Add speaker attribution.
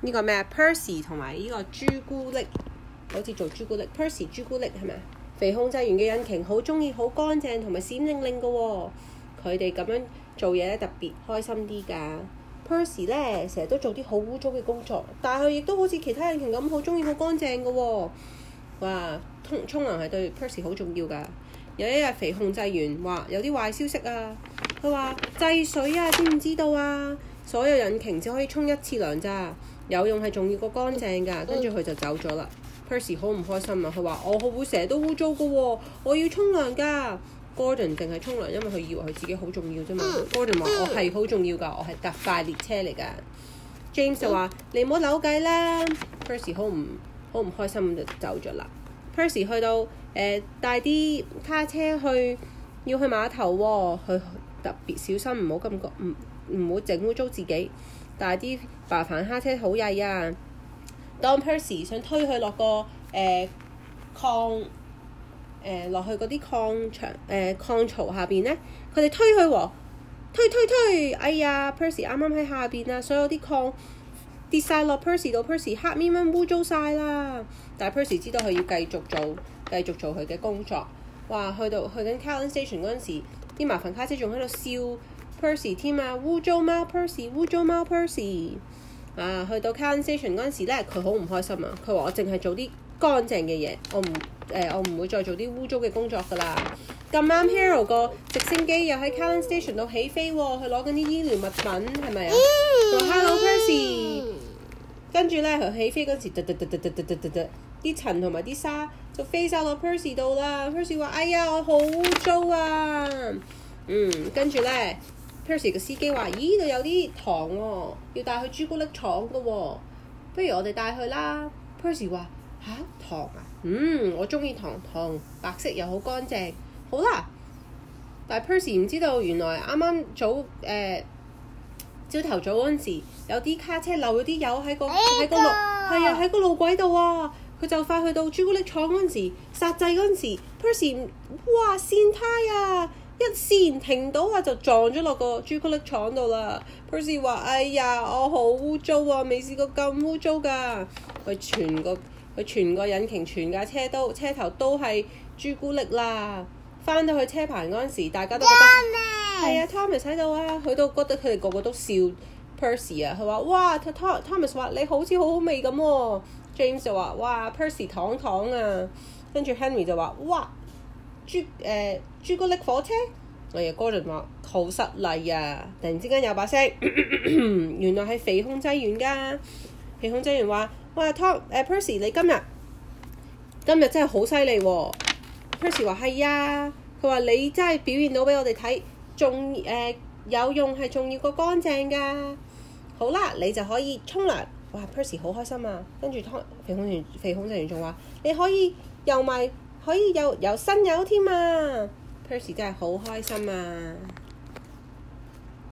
Speaker 1: 呢個咩啊 p e r c y 同埋呢個朱古力，好似做朱古力。p e r c y 朱古力係咪啊？肥控制員嘅引擎好中意好乾淨同埋閃叮令嘅喎，佢哋咁樣做嘢特別開心啲㗎。p e r c y 咧成日都做啲好污糟嘅工作，但係佢亦都好似其他引擎咁好中意好乾淨嘅喎、哦。哇！沖沖涼係對 p e r c y 好重要㗎。有一日肥控制員話有啲壞消息啊，佢話制水啊，知唔知道啊？所有引擎只可以沖一次涼咋。有用係重要過乾淨噶，跟住佢就走咗啦。Percy 好唔開心啊，佢話：我會唔會成日都污糟噶？我要沖涼噶。Gordon 淨係沖涼，因為佢以為佢自己好重要啫嘛。Gordon 話、嗯：我係好重要噶，我係特快列車嚟噶。James 就話、嗯：你唔好扭計啦。Percy 好唔好唔開心就走咗啦。Percy 去到誒帶啲卡車去，要去碼頭喎、哦，佢特別小心唔好感覺唔。唔好整污糟自己，但係啲麻煩卡車好曳啊！當 Percy 想推佢落個誒、呃、礦誒落、呃、去嗰啲礦場誒、呃、礦槽下邊咧，佢哋推佢喎、哦，推推推，哎呀 Percy 啱啱喺下邊啊，所有啲礦跌晒落 Percy 度 Percy e 黑咪咪污糟晒啦！但 Percy 知道佢要繼續做，繼續做佢嘅工作。哇！去到去緊 Caulen Station 嗰陣時，啲麻煩卡車仲喺度笑。Percy 添啊，污糟貓 Percy 污糟貓 Percy 啊，去到 Caln Station 嗰陣時咧，佢好唔開心啊。佢話我淨係做啲乾淨嘅嘢，我唔誒我唔會再做啲污糟嘅工作噶啦。咁啱 Harold 個直升機又喺 Caln Station 度起飛，佢攞緊啲醫療物品，係咪啊？做 Hello Percy 跟住咧，佢起飛嗰陣時，嘟嘟嘟嘟嘟嘟嘟嘟，啲塵同埋啲沙就飛晒落 Percy 度啦。Percy 話：哎呀，我好污糟啊！嗯，跟住咧。Percy 嘅司機話：咦，度有啲糖喎，哦，要帶去朱古力廠嘅喎，哦，不如我哋帶去啦。Percy 話：嚇，糖啊，嗯，我中意糖糖，白色又好乾淨，好啦。但 Percy 唔知道，原來啱啱早誒，朝、呃、頭早嗰陣時，有啲卡車漏咗啲油喺個喺個路，係啊喺個路軌度啊，佢、啊、就快去到朱古力廠嗰陣時，殺掣嗰時 Percy 哇，跣胎啊！一先停到啊，就撞咗落個朱古力廠度啦。Percy 話：哎呀，我好污糟啊，未試過咁污糟㗎！佢全個佢全個引擎、全架車都車頭都係朱古力啦。翻到去車棚嗰陣時，大家都覺得：「係啊，Thomas 睇到啊，佢都覺得佢哋個個都笑 Percy 啊。佢話：哇，Thomas 話你好似好好味咁喎。James 就話：哇，Percy 糖糖啊！跟住 Henry 就話：哇！朱朱古力火車，我阿 Gordon 話好失禮啊！突然之間有把聲，咳咳咳原來係肥控制員噶。肥控制員話：，哇，Tom 誒、呃、Percy 你今日今日真係好犀利喎 Percy 話係啊，佢話、啊、你真係表現到俾我哋睇，仲誒、呃、有用係重要過乾淨噶。好啦，你就可以沖涼。哇 Percy 好開心啊！跟住肥控制員肥控制員仲話：你可以又咪。可以有有新友添啊 Percy 真係好開心啊！